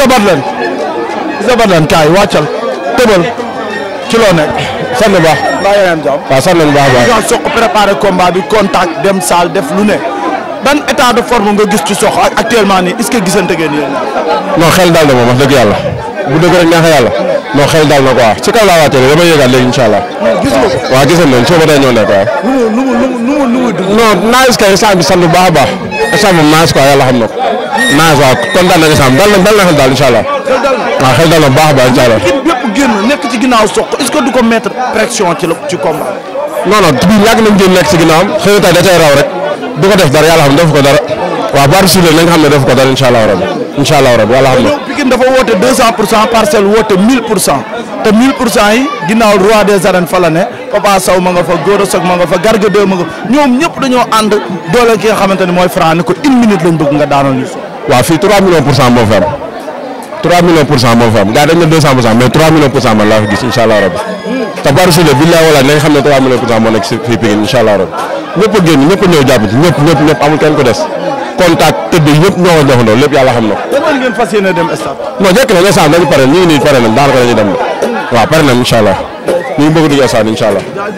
sabat leen sabat leen kaay wàccal tëbal ci loo nekk sant bu baax. mbaa yéen a ngi jàmm waaw sant bu baax baax. ñu soq préparé combat bi contact dem saal def lu ne ban état de forme nga gis ci sox actuellement nii est-ce que gisante ngeen yéen. non xel daal de moom wax dëgg yàlla bu dëgg rek neexee yàlla. no xel dal na quoi ci kaw laa waatee dama yëgaat léegi incha allah. gis nga ko waaw gisoon nañu soo ko doon ñëw nekk waaw. nu mu nu mu nu mu baax a baax instant moom naaj quoi yàlla kontaan nañu instant dal na dal na xel daal incha allah. xel dal na waaw a baax incha allah. nekk ci ginnaaw soq est-ce que du ko mettre pression ci la ci combat. non non bi yàgg nañu génn nekk ci ginnaawam xëy na tey da cay raw rek du ko def dara yàlla xam ne ko dara. waaw bu arbitre sifflé na nga xam ne def ko dal incha allah rabi incha allah rabi wala xam nga. Pikine dafa woote 200 pour cent parcelle woote 1000 pour cent te 1000 pour cent yi ginnaaw roi des arènes fa la ne Papa Sow ma nga fa Goro Sock ma nga fa Garga 2 ma nga ñoom ñëpp dañoo ànd doole ki nga xamante ne mooy Franc ni ko une minute lañ bëgg nga daanoo ñu. waaw fii 3 millions pour cent moo fa am 3 millions pour cent moo fa am gars dañ ne 200 pour cent mais 3 millions pour cent man laa fi gis incha allah rabi te bu arbitre sifflé billaay wala na nga xam ne 3 millions pour cent moo nekk fii Pikine incha allah rabi ñëpp a génn ñëpp a ñëw jàpp ci ñëpp ñëpp ñëpp amul kenn ko des contact tëdd yëpp ñoo ko joxandoo lépp yàlla xam na ko. demoon ngeen fas yéene dem stade. pare ñu ngi nii pare nañ daanaka dañuy hmm. pare nañ incha allah ñu ngi bëgg a dugg stade incha